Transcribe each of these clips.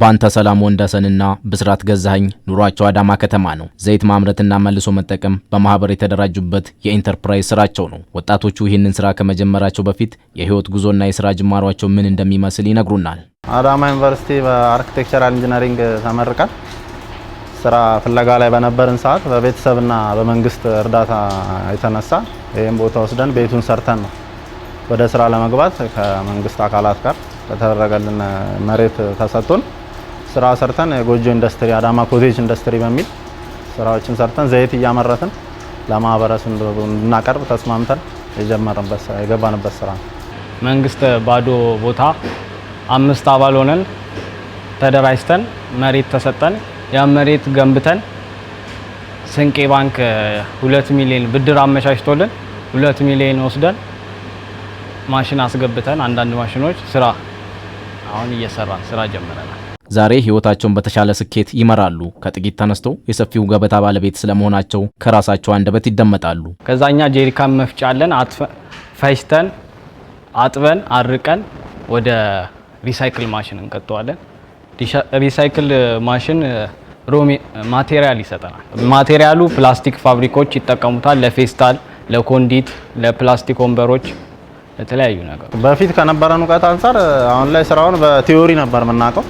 ባንተ ሰላም ወንደሰንና ብስራት ገዛኸኝ ኑሯቸው አዳማ ከተማ ነው። ዘይት ማምረትና መልሶ መጠቀም በማህበር የተደራጁበት የኢንተርፕራይዝ ስራቸው ነው። ወጣቶቹ ይህንን ስራ ከመጀመራቸው በፊት የህይወት ጉዞና የስራ ጅማሯቸው ምን እንደሚመስል ይነግሩናል። አዳማ ዩኒቨርሲቲ በአርክቴክቸራል ኢንጂነሪንግ ተመርቀን ስራ ፍለጋ ላይ በነበርን ሰዓት በቤተሰብና በመንግስት እርዳታ የተነሳ ይህም ቦታ ወስደን ቤቱን ሰርተን ነው ወደ ስራ ለመግባት ከመንግስት አካላት ጋር ከተደረገልን መሬት ተሰጥቶን ስራ ሰርተን ጎጆ ኢንዱስትሪ አዳማ ኮቴጅ ኢንዱስትሪ በሚል ስራዎችን ሰርተን ዘይት እያመረትን ለማህበረሰብ እንድናቀርብ ተስማምተን የጀመርንበት ስራ የገባንበት ስራ ነው። መንግስት ባዶ ቦታ አምስት አባል ሆነን ተደራጅተን መሬት ተሰጠን። ያ መሬት ገንብተን ስንቄ ባንክ ሁለት ሚሊዮን ብድር አመቻችቶልን ሁለት ሚሊዮን ወስደን ማሽን አስገብተን አንዳንድ ማሽኖች ስራ አሁን እየሰራን ስራ ጀምረናል። ዛሬ ህይወታቸውን በተሻለ ስኬት ይመራሉ። ከጥቂት ተነስቶ የሰፊው ገበታ ባለቤት ስለመሆናቸው ከራሳቸው አንደበት ይደመጣሉ። ከዛኛ ጄሪካን መፍጫ አለን። ፈጭተን አጥበን አርቀን ወደ ሪሳይክል ማሽን እንቀጠዋለን። ሪሳይክል ማሽን ሮ ማቴሪያል ይሰጠናል። ማቴሪያሉ ፕላስቲክ ፋብሪኮች ይጠቀሙታል። ለፌስታል፣ ለኮንዲት፣ ለፕላስቲክ ወንበሮች ለተለያዩ ነገር በፊት ከነበረን እውቀት አንጻር አሁን ላይ ስራውን በቲዮሪ ነበር የምናውቀው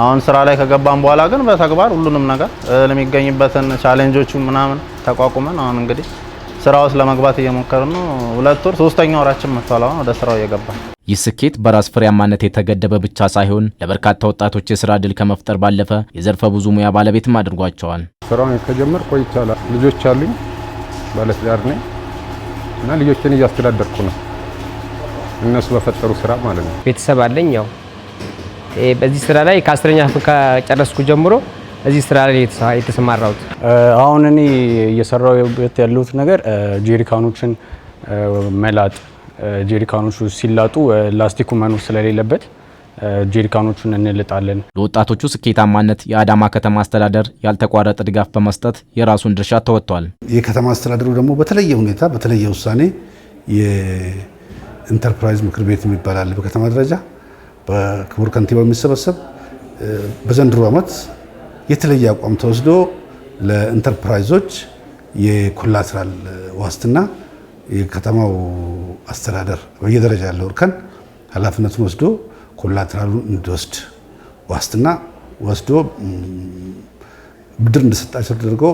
አሁን ስራ ላይ ከገባን በኋላ ግን በተግባር ሁሉንም ነገር ለሚገኝበትን ቻሌንጆቹ ምናምን ተቋቁመን አሁን እንግዲህ ስራ ውስጥ ለመግባት እየሞከር ነው። ሁለት ወር ሶስተኛ ወራችን መጥቷል። አሁን ወደ ስራው እየገባ ይህ ስኬት በራስ ፍሬያማነት የተገደበ ብቻ ሳይሆን ለበርካታ ወጣቶች የስራ እድል ከመፍጠር ባለፈ የዘርፈ ብዙ ሙያ ባለቤትም አድርጓቸዋል። ስራውን ከጀመር ቆይቻለሁ። ልጆች አሉኝ፣ ባለትዳር ነኝ እና ልጆችን እያስተዳደርኩ ነው። እነሱ በፈጠሩ ስራ ማለት ነው። ቤተሰብ አለኝ ያው በዚህ ስራ ላይ ከአስረኛ ከጨረስኩ ጀምሮ እዚህ ስራ ላይ የተሰማራሁት። አሁን እኔ እየሰራሁበት ያለሁት ነገር ጄሪካኖችን መላጥ፣ ጄሪካኖቹ ሲላጡ ላስቲኩ መኖር ስለሌለበት ጄሪካኖቹን እንልጣለን። ለወጣቶቹ ስኬታማነት የአዳማ ከተማ አስተዳደር ያልተቋረጠ ድጋፍ በመስጠት የራሱን ድርሻ ተወጥቷል። የከተማ አስተዳደሩ ደግሞ በተለየ ሁኔታ በተለየ ውሳኔ የኢንተርፕራይዝ ምክር ቤት የሚባል አለ በከተማ ደረጃ በክቡር ከንቲባ የሚሰበሰብ በዘንድሮ ዓመት የተለየ አቋም ተወስዶ ለኢንተርፕራይዞች የኮላትራል ዋስትና የከተማው አስተዳደር በየደረጃ ያለው እርከን ኃላፊነቱን ወስዶ ኮላትራሉን እንዲወስድ ዋስትና ወስዶ ብድር እንደሰጣቸው ተደርገው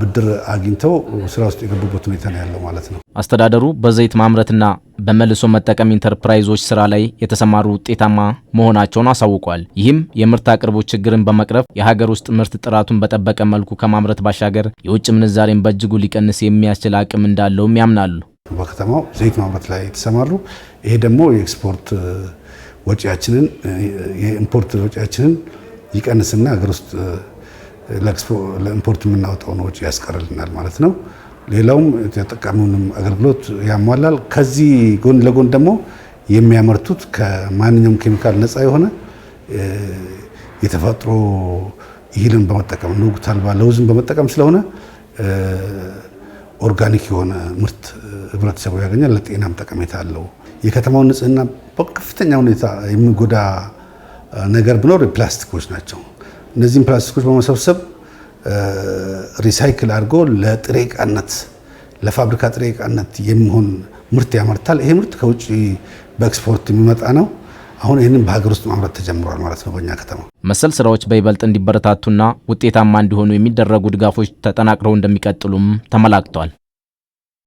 ብድር አግኝተው ስራ ውስጥ የገቡበት ሁኔታ ነው ያለው ማለት ነው። አስተዳደሩ በዘይት ማምረትና በመልሶ መጠቀም ኢንተርፕራይዞች ስራ ላይ የተሰማሩ ውጤታማ መሆናቸውን አሳውቋል። ይህም የምርት አቅርቦት ችግርን በመቅረፍ የሀገር ውስጥ ምርት ጥራቱን በጠበቀ መልኩ ከማምረት ባሻገር የውጭ ምንዛሬን በእጅጉ ሊቀንስ የሚያስችል አቅም እንዳለውም ያምናሉ። በከተማው ዘይት ማምረት ላይ የተሰማሩ ይሄ ደግሞ የኤክስፖርት ወጪያችንን የኢምፖርት ወጪያችንን ይቀንስና ሀገር ውስጥ ለኢምፖርት የምናወጣውን ወጪ ያስቀርልናል ማለት ነው። ሌላውም የተጠቃሚውንም አገልግሎት ያሟላል። ከዚህ ጎን ለጎን ደግሞ የሚያመርቱት ከማንኛውም ኬሚካል ነፃ የሆነ የተፈጥሮ ይህልን በመጠቀም ንጉት አልባ ለውዝን በመጠቀም ስለሆነ ኦርጋኒክ የሆነ ምርት ህብረተሰቡ ያገኛል። ለጤናም ጠቀሜታ አለው። የከተማውን ንጽህና በከፍተኛ ሁኔታ የሚጎዳ ነገር ቢኖር ፕላስቲኮች ናቸው። እነዚህም ፕላስቲኮች በመሰብሰብ ሪሳይክል አድርጎ ለጥሬ ቃነት ለፋብሪካ ጥሬ ቃነት የሚሆን ምርት ያመርታል። ይሄ ምርት ከውጭ በኤክስፖርት የሚመጣ ነው። አሁን ይህንን በሀገር ውስጥ ማምረት ተጀምሯል ማለት ነው። በኛ ከተማ መሰል ስራዎች በይበልጥ እንዲበረታቱና ውጤታማ እንዲሆኑ የሚደረጉ ድጋፎች ተጠናክረው እንደሚቀጥሉም ተመላክቷል።